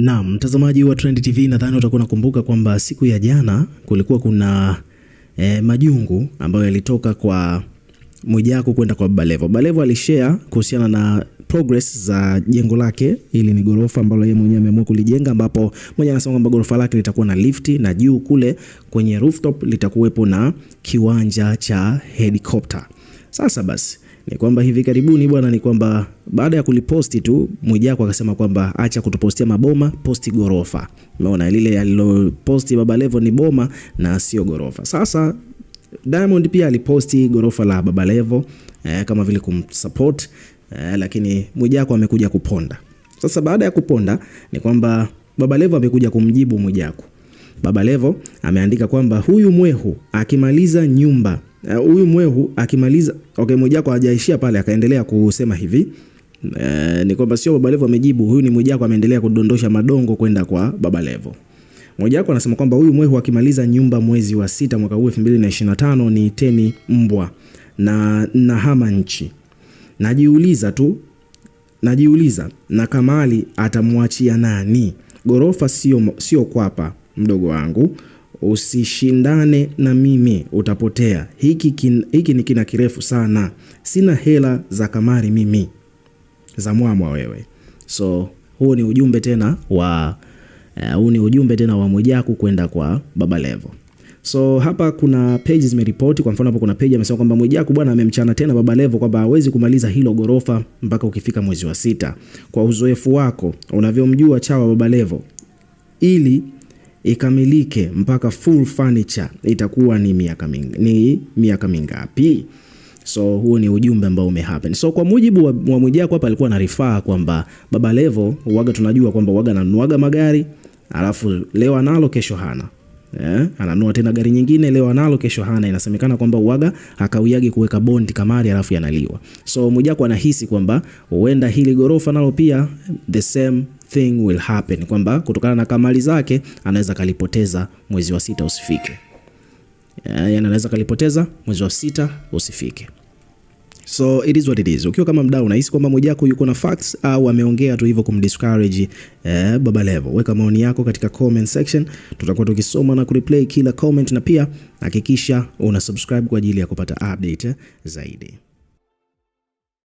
Na mtazamaji wa Trend TV, nadhani utakuwa unakumbuka kwamba siku ya jana kulikuwa kuna e, majungu ambayo yalitoka kwa Mwijaku kwenda kwa Balevo. Balevo alishare kuhusiana na progress za jengo lake, ili ni gorofa ambalo yeye mwenyewe ameamua kulijenga, ambapo mmoja anasema kwamba gorofa lake litakuwa na lifti na juu kule kwenye rooftop litakuwepo na kiwanja cha helicopter. Sasa basi ni kwamba hivi karibuni bwana, ni kwamba baada ya kuliposti tu Mwijaku akasema kwamba acha kutupostia maboma, posti gorofa. Umeona lile aliloposti Baba Levo ni boma na sio gorofa. Sasa Diamond pia aliposti gorofa la Baba Levo eh, kama vile kumsupport eh, lakini Mwijaku amekuja kuponda. Sasa baada ya kuponda ni kwamba Baba Levo amekuja kumjibu Mwijaku Baba Levo ameandika kwamba huyu mwehu akimaliza nyumba eh, huyu uh, mwehu akimaliza okay, Mwijako hajaishia pale, akaendelea kusema hivi uh, ni kwamba sio Baba Levo amejibu, huyu ni Mwijako ameendelea kudondosha madongo kwenda kwa Baba Levo. Mwijako anasema kwamba huyu mwehu akimaliza nyumba mwezi wa sita mwaka huu 2025 ni teni Mbwa na na hama nchi. Najiuliza tu najiuliza na Kamali atamwachia nani? Gorofa sio sio kwapa mdogo wangu, usishindane na mimi, utapotea. Hiki, kin, hiki ni kina kirefu sana, sina hela za kamari mimi, za mwamwa wewe. So huu ni ujumbe tena wa uh, huu ni ujumbe tena wa Mwijaku kwenda kwa Baba Levo. So hapa kuna page zimeripoti. Kwa mfano, hapo kuna page amesema kwamba Mwijaku bwana amemchana tena Baba Levo kwamba hawezi kumaliza hilo gorofa mpaka ukifika mwezi wa sita, kwa uzoefu wako unavyomjua chawa Baba Levo ili ikamilike mpaka full furniture itakuwa ni miaka mingi, ni miaka mingapi? So huo ni ujumbe ambao umehappen. So kwa mujibu wa, wa Mwijaku hapa alikuwa anarifaa kwamba Baba Levo waga, tunajua kwamba waga ananuaga magari alafu leo analo kesho hana Yeah, ananua tena gari nyingine leo analo kesho hana. Inasemekana kwamba uwaga akauyagi kuweka bondi kamari alafu yanaliwa. So Mwijaku anahisi kwamba huenda hili gorofa nalo pia the same thing will happen, kwamba kutokana na kamali zake anaweza kalipoteza mwezi wa sita usifike. Eh, yani anaweza kalipoteza mwezi wa sita usifike. So it is what it is. Ukiwa kama mdau unahisi kwamba Mwijaku yuko na facts au ameongea tu hivyo kumdiscourage eh, Baba Levo, weka maoni yako katika comment section, tutakuwa tukisoma na kureplay kila comment, na pia hakikisha una subscribe kwa ajili ya kupata update zaidi.